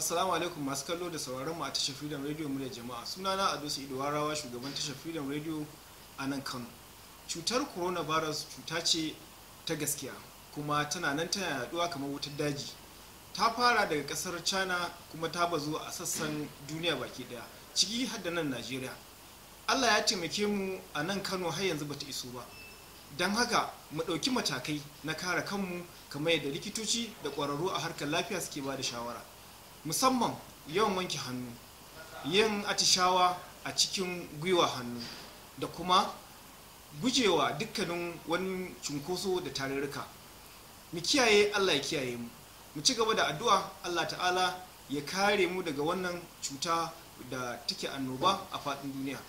Assalamu alaikum masu kallo da sauraron mu a tashar Freedom Radio mu da jama'a. Sunana Ado Sa'idu Warawa shugaban tashar Freedom Radio a nan Kano. Cutar coronavirus cuta ce ta gaskiya kuma tana nan tana yaduwa kamar wutar daji. Ta fara daga kasar China kuma ta bazu a sassan duniya baki daya, ciki har da nan Najeriya. Allah ya taimake mu a nan Kano har yanzu bata iso ba. don haka mu ɗauki matakai na kare kanmu kamar yadda likitoci da ƙwararru a harkar lafiya suke ba da shawara musamman yawan wanke hannu yin atishawa a cikin gwiwa hannu da kuma gujewa dukkanin wani cunkoso da tarurruka mu kiyaye allah ya kiyaye mu mu ci gaba da addu'a allah ta'ala ya kare mu daga wannan cuta da take annoba a faɗin duniya